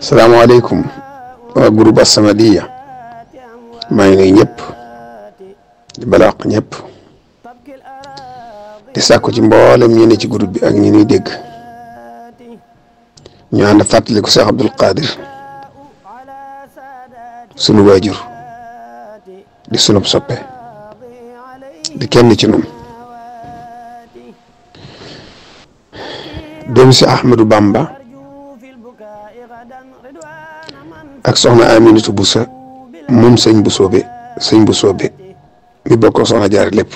salaamaaleykum waa groupe As-Samadiyya maa ngi nuyu ñëpp di balaax ñëpp di sàkku ci mboolem ñu ne ci groupe bi ak ñu dégg ñu ànd fàttaliku Cheikh Abdoul Qadir sunu waajur di sunub soppe di kenn ci ñun doomu si Ahmadou Bamba ak soxna Aminatu Buso moom sëñ bu soobe sëñ bu soobe mi bokk soxna jaar lépp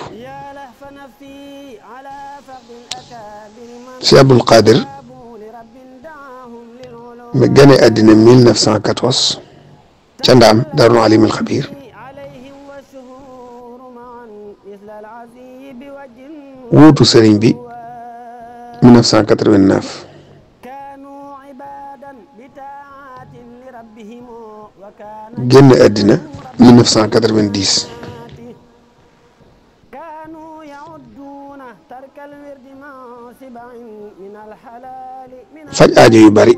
si Abdul Qadir mi gane àddina 1914 ca Ndaam Daarul Alim al Xabiir wuutu sëriñ bi 1989 génn àddina 1990 faj aajo yu bari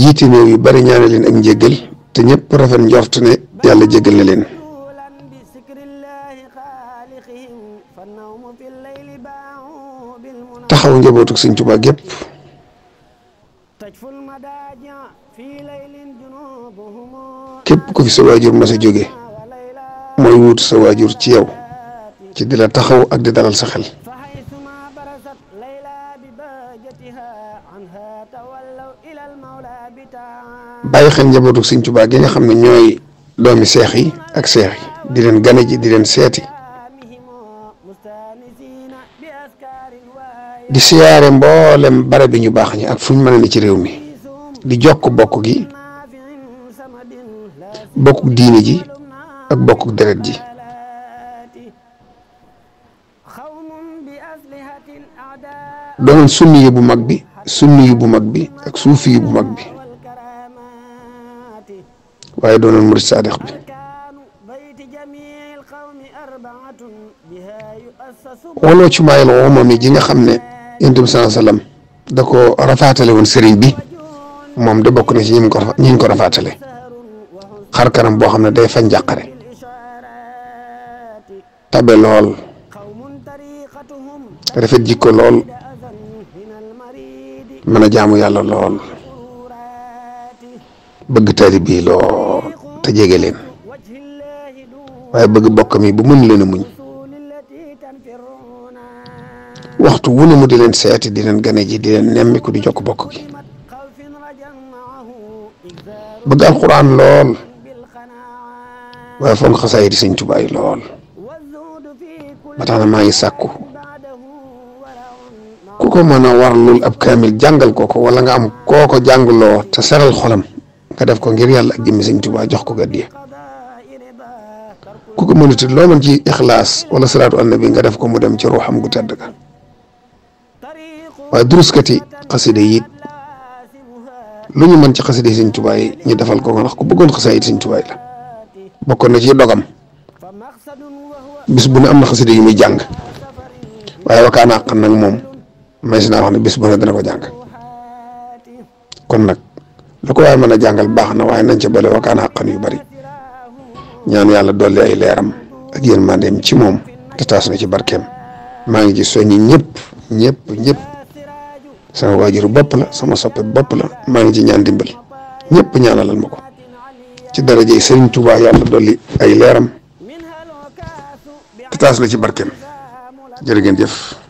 jiite néew yu bari ñaane leen ak njéggal te ñëpp rafet njort ne yàlla jéggal leen taxaw njabootug Sëñ Tuubaa gépp képp ku fi sa waajur mas a jóge mooy wut sa ci yow ci di la taxaw ak di dalal sa xel bàyyi xel njabootug Sëñ Tuubaa gi nga xam ne ñooy doomi seexi ak seex di leen gane ji di leen seeti di siyaare mboolem bare bi ñu baax ñi ak fu ñu mën ne ci réew mi di jokk bokk gi bokk diine ji ak bokk deret ji doonoon sunni yu bu mag bi sunni yu bu mag bi ak suufi yu bu mag bi waaye doonoon murid saadiq bi wala ci maayal umami ji nga xam ne yonent bi sallallahu alayhi da ko rafaatale woon sëriñ bi moom de bokk na ci ñi ko ko rafaatale xar kanam boo xam ne day fañ jàqare tabe lool rafet jikko lool mën a jaamu yàlla lool bëgg taalibe yi lool te jege leen waaye bëgg bokk yi bu mën leen a muñ waxtu wu ne mu di leen seeti di leen gane ji di leen nemmiku di jokk bokk gi bëgg alxuraan lool waaye fonk xasaay di sëñ Tuubaa yi lool ba tax na maa ngi sàkku ku ko mën a warlul ab kaamil jàngal ko ko wala nga am koo ko jàngloo te seral xolam nga def ko ngir yàlla ak jëmmi sëñ Tuubaa jox ko gàddiya ku ko mënutit loo man ci ixlaas wala salaatu annabi nga def ko mu dem ci ruuxam gu tedd ga waaye duruskati xasida yi lu ñu mën ci xasida yi Sëñ Tuubaa yi ñu defal ko ndax ku bëggoon xasaayid Sëñ Tuubaa yi bokkoon na ci dogam bis bu ne am na xasida yu muy jàng waaye wakaana àqan nag moom may si naa wax ne bis bu ne dana ko jàng kon nag lu ko waaye mën a jàngal baax na waaye nañ ca boole wakaana àqan yu bari ñaan yàlla dolli ay leeram ak yërmandeem ci moom te taas na ci barkeem maa ngi ci soñi ñëpp ñëpp ñëpp sama waajuru bopp la sama soppe bopp la maa ngi ci ñaan dimbal ñëpp ñaanalal ma ko ci darajey Sëriñ Tuubaa yàlla dolli ay leeram te taas na ci barkeem jërë ngeen jëf